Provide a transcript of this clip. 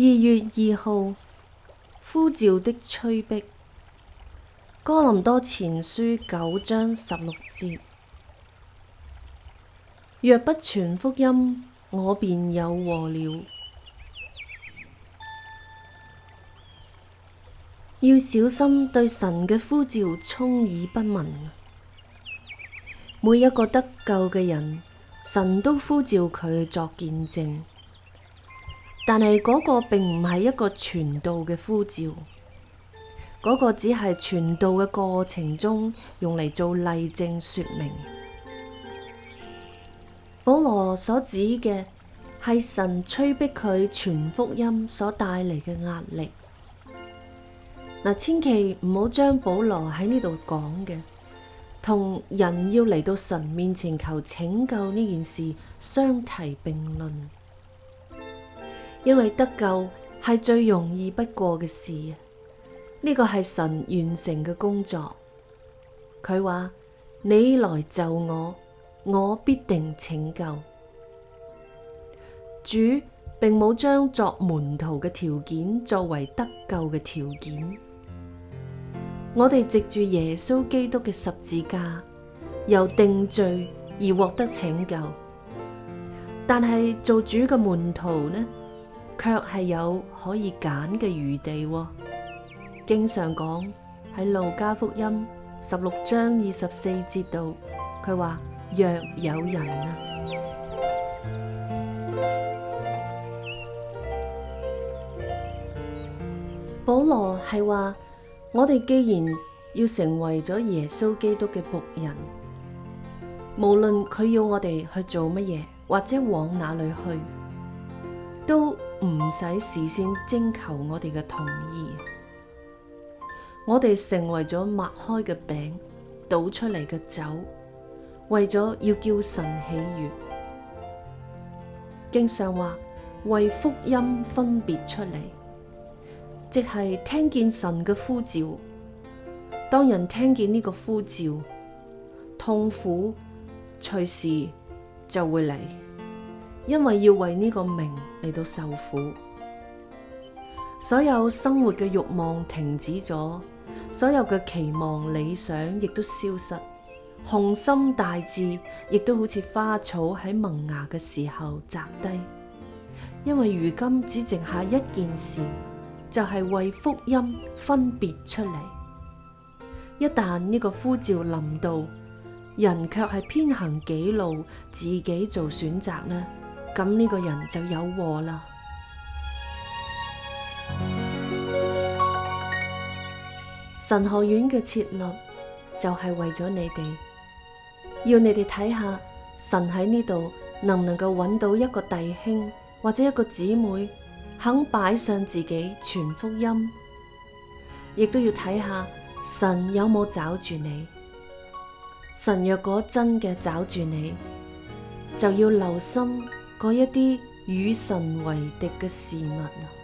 二月二號，呼召的催逼。哥林多前書九章十六節：若不傳福音，我便有禍了。要小心對神嘅呼召充耳不聞。每一個得救嘅人，神都呼召佢作見證。但係嗰個並唔係一個傳道嘅呼召，嗰個只係傳道嘅過程中用嚟做例證說明。保羅所指嘅係神催逼佢傳福音所帶嚟嘅壓力。嗱，千祈唔好將保羅喺呢度講嘅同人要嚟到神面前求拯救呢件事相提並論。因為得救係最容易不過嘅事，呢個係神完成嘅工作。佢話：你來就我，我必定拯救。主並冇將作門徒嘅條件作為得救嘅條件。我哋藉住耶穌基督嘅十字架，由定罪而獲得拯救。但係做主嘅門徒呢？卻係有可以揀嘅餘地，哦，經常講喺路加福音十六章二十四節度，佢話若有人啊，保羅係話我哋既然要成為咗耶穌基督嘅僕人，無論佢要我哋去做乜嘢，或者往哪裏去，都。唔使事先徵求我哋嘅同意，我哋成為咗擘開嘅餅，倒出嚟嘅酒，為咗要叫神喜悅。經常話：為福音分別出嚟，即係聽見神嘅呼召。當人聽見呢個呼召，痛苦隨時就會嚟。因為要為呢個名嚟到受苦，所有生活嘅欲望停止咗，所有嘅期望理想亦都消失，雄心大志亦都好似花草喺萌芽嘅時候摘低。因為如今只剩下一件事，就係為福音分別出嚟。一旦呢個呼召臨到，人卻係偏行己路，自己做選擇呢？咁呢個人就有禍啦！神學院嘅設立就係為咗你哋，要你哋睇下神喺呢度能唔能夠揾到一個弟兄或者一個姊妹肯擺上自己全福音，亦都要睇下神有冇找住你。神若果真嘅找住你，就要留心。嗰一啲與神為敵嘅事物。